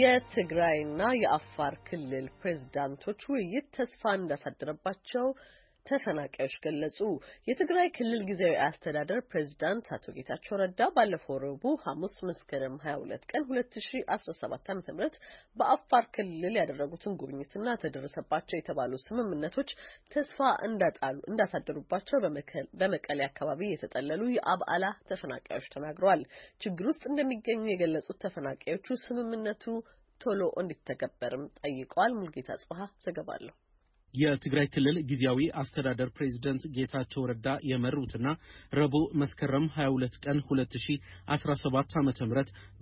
የትግራይና የአፋር ክልል ፕሬዝዳንቶች ውይይት ተስፋ እንዳሳደረባቸው ተፈናቃዮች ገለጹ። የትግራይ ክልል ጊዜያዊ አስተዳደር ፕሬዚዳንት አቶ ጌታቸው ረዳ ባለፈው ረቡዕ ሐሙስ መስከረም 22 ቀን 2017 ዓ.ም በአፋር ክልል ያደረጉትን ጉብኝትና ተደረሰባቸው የተባሉ ስምምነቶች ተስፋ እንዳጣሉ እንዳሳደሩባቸው በመቀሌ አካባቢ የተጠለሉ የአብዓላ ተፈናቃዮች ተናግረዋል። ችግር ውስጥ እንደሚገኙ የገለጹት ተፈናቃዮቹ ስምምነቱ ቶሎ እንዲተገበርም ጠይቀዋል። ሙልጌታ ጽሀ ዘገባለሁ። የትግራይ ክልል ጊዜያዊ አስተዳደር ፕሬዚደንት ጌታቸው ረዳ የመሩትና ረቡዕ መስከረም 22 ቀን 2017 ዓ ም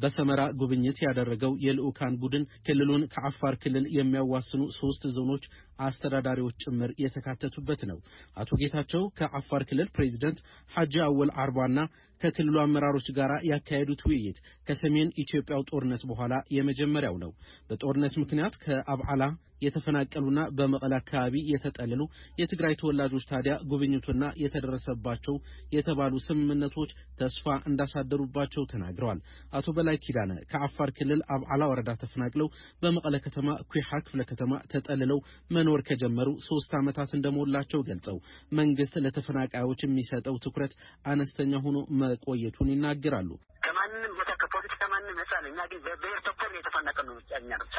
በሰመራ ጉብኝት ያደረገው የልዑካን ቡድን ክልሉን ከአፋር ክልል የሚያዋስኑ ሶስት ዞኖች አስተዳዳሪዎች ጭምር የተካተቱበት ነው። አቶ ጌታቸው ከአፋር ክልል ፕሬዚደንት ሐጂ አወል አርባና ከክልሉ አመራሮች ጋር ያካሄዱት ውይይት ከሰሜን ኢትዮጵያው ጦርነት በኋላ የመጀመሪያው ነው። በጦርነት ምክንያት ከአብዓላ የተፈናቀሉና በመቀለ አካባቢ የተጠለሉ የትግራይ ተወላጆች ታዲያ ጉብኝቱና የተደረሰባቸው የተባሉ ስምምነቶች ተስፋ እንዳሳደሩባቸው ተናግረዋል። አቶ በላይ ኪዳነ ከአፋር ክልል አብዓላ ወረዳ ተፈናቅለው በመቀለ ከተማ ኩሓ ክፍለ ከተማ ተጠልለው መኖር ከጀመሩ ሶስት ዓመታት እንደሞላቸው ገልጸው መንግስት ለተፈናቃዮች የሚሰጠው ትኩረት አነስተኛ ሆኖ መቆየቱን ይናገራሉ። ከማንም ከፖለቲካ ማንም ነጻ ነው። እኛ ግን በብሔር ተኮር ነው የተፈናቀል ነው እኛ ብቻ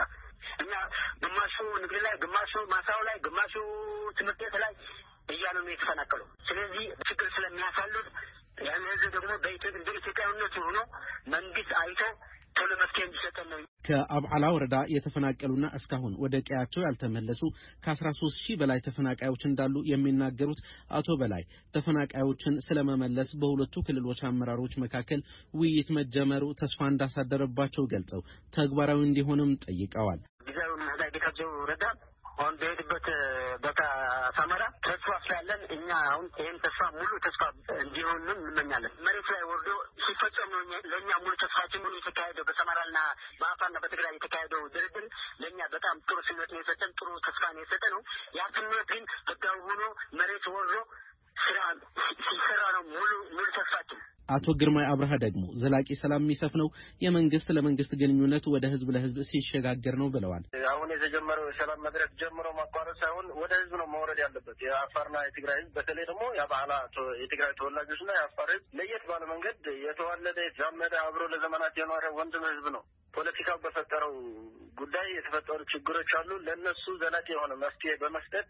እኛ ግማሹ ንግድ ላይ፣ ግማሹ ማሳው ላይ፣ ግማሹ ትምህርት ቤት ላይ እያሉ ነው የተፈናቀሉ። ስለዚህ ችግር ስለሚያሳሉት ያን ህዝብ ደግሞ እንደ ኢትዮጵያዊነቱ ሆኖ መንግስት አይቶ ቶሎ መፍትሄ እንዲሰጠን ነው። ከአብዓላ ወረዳ የተፈናቀሉና እስካሁን ወደ ቀያቸው ያልተመለሱ ከአስራ ሶስት ሺህ በላይ ተፈናቃዮች እንዳሉ የሚናገሩት አቶ በላይ ተፈናቃዮችን ስለመመለስ በሁለቱ ክልሎች አመራሮች መካከል ውይይት መጀመሩ ተስፋ እንዳሳደረባቸው ገልጸው ተግባራዊ እንዲሆንም ጠይቀዋል። ጊዜያዊ ጌታቸው ረዳ አሁን በሄድበት በቃ ሳመራ ተስፋ ስላለን እኛ አሁን ይህን ተስፋ ሙሉ ተስፋ እንዲሆንም እንመኛለን። መሬት ላይ ወርዶ ሲፈጸም ለእኛ ሙሉ ተስፋችን ሙሉ የተካሄደው በሰማራና በአፋርና በትግራይ የተካሄደው ድርድር ለእኛ በጣም ጥሩ ስሜት ነው የሰጠን፣ ጥሩ ተስፋ ነው የሰጠ ነው። ያ ስሜት ግን ህጋዊ ሆኖ መሬት ወርዶ ስራ ሲሰራ ነው ሙሉ ሙሉ ተስፋችን። አቶ ግርማይ አብርሃ ደግሞ ዘላቂ ሰላም የሚሰፍነው የመንግስት ለመንግስት ግንኙነት ወደ ህዝብ ለህዝብ ሲሸጋገር ነው ብለዋል። አሁን የተጀመረው የሰላም መድረክ ጀምሮ ማቋረጥ ሳይሆን ወደ ህዝብ ነው መውረድ ያለበት። የአፋርና የትግራይ ህዝብ በተለይ ደግሞ የባህላ የትግራይ ተወላጆችና የአፋር ህዝብ ለየት ባለ መንገድ የተዋለደ የተዛመደ አብሮ ለዘመናት የኖረ ወንድም ህዝብ ነው። ፖለቲካው በፈጠረው ጉዳይ የተፈጠሩ ችግሮች አሉ። ለእነሱ ዘላቂ የሆነ መፍትሄ በመስጠት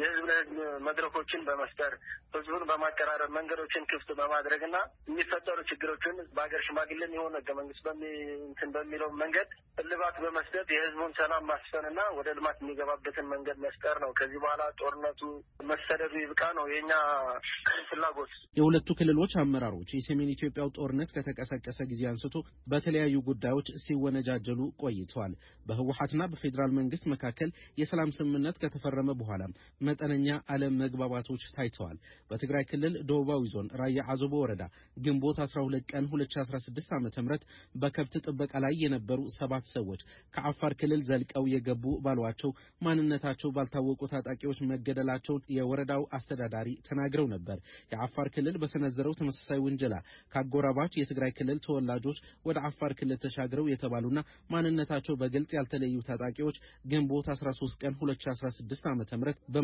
የህዝብ ለህዝብ መድረኮችን በመፍጠር ህዝቡን በማቀራረብ መንገዶችን ክፍት በማድረግ እና የሚፈጠሩ ችግሮችን በሀገር ሽማግሌም የሆነ ህገ መንግስት እንትን በሚለው መንገድ እልባት በመስጠት የህዝቡን ሰላም ማስፈን እና ወደ ልማት የሚገባበትን መንገድ መፍጠር ነው። ከዚህ በኋላ ጦርነቱ መሰደዱ ይብቃ ነው የኛ ፍላጎት። የሁለቱ ክልሎች አመራሮች የሰሜን ኢትዮጵያው ጦርነት ከተቀሰቀሰ ጊዜ አንስቶ በተለያዩ ጉዳዮች ሲወነጃጀሉ ቆይተዋል። በህወሀትና በፌዴራል መንግስት መካከል የሰላም ስምምነት ከተፈረመ በኋላ መጠነኛ መግባባቶች ታይተዋል። በትግራይ ክልል ደቡባዊ ዞን ራያ አዘቦ ወረዳ ግንቦት 12 ቀን 2016 ዓ.ም በከብት ጥበቃ ላይ የነበሩ ሰባት ሰዎች ከአፋር ክልል ዘልቀው የገቡ ባሏቸው ማንነታቸው ባልታወቁ ታጣቂዎች መገደላቸውን የወረዳው አስተዳዳሪ ተናግረው ነበር። የአፋር ክልል በሰነዘረው ተመሳሳይ ውንጀላ ከአጎራባች የትግራይ ክልል ተወላጆች ወደ አፋር ክልል ተሻግረው የተባሉና ማንነታቸው በግልጽ ያልተለዩ ታጣቂዎች ግንቦት 13 ቀን 2016 ዓ.ም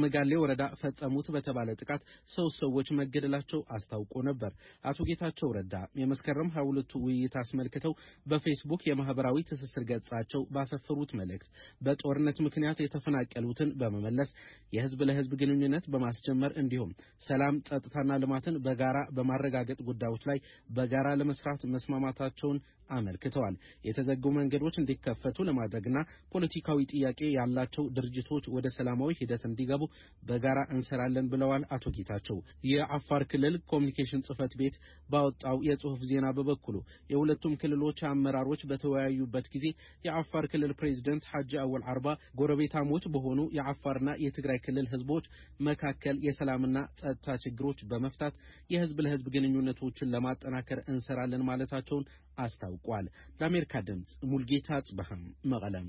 ም በጋሌ ወረዳ ፈጸሙት በተባለ ጥቃት ሶስት ሰዎች መገደላቸው አስታውቆ ነበር። አቶ ጌታቸው ረዳ የመስከረም ሀያ ሁለቱ ውይይት አስመልክተው በፌስቡክ የማህበራዊ ትስስር ገጻቸው ባሰፈሩት መልእክት በጦርነት ምክንያት የተፈናቀሉትን በመመለስ የህዝብ ለህዝብ ግንኙነት በማስጀመር እንዲሁም ሰላም፣ ጸጥታና ልማትን በጋራ በማረጋገጥ ጉዳዮች ላይ በጋራ ለመስራት መስማማታቸውን አመልክተዋል። የተዘጉ መንገዶች እንዲከፈቱ ለማድረግና ፖለቲካዊ ጥያቄ ያላቸው ድርጅቶች ወደ ሰላማዊ ሂደት እንዲገቡ በጋራ እንሰራለን ብለዋል አቶ ጌታቸው። የአፋር ክልል ኮሚኒኬሽን ጽህፈት ቤት ባወጣው የጽሁፍ ዜና በበኩሉ የሁለቱም ክልሎች አመራሮች በተወያዩበት ጊዜ የአፋር ክልል ፕሬዚደንት ሐጂ አወል አርባ ጎረቤታሞች በሆኑ የአፋርና የትግራይ ክልል ህዝቦች መካከል የሰላምና ጸጥታ ችግሮች በመፍታት የህዝብ ለህዝብ ግንኙነቶችን ለማጠናከር እንሰራለን ማለታቸውን አስታውቋል። ለአሜሪካ ድምፅ ሙልጌታ ጽበሃም መቀለም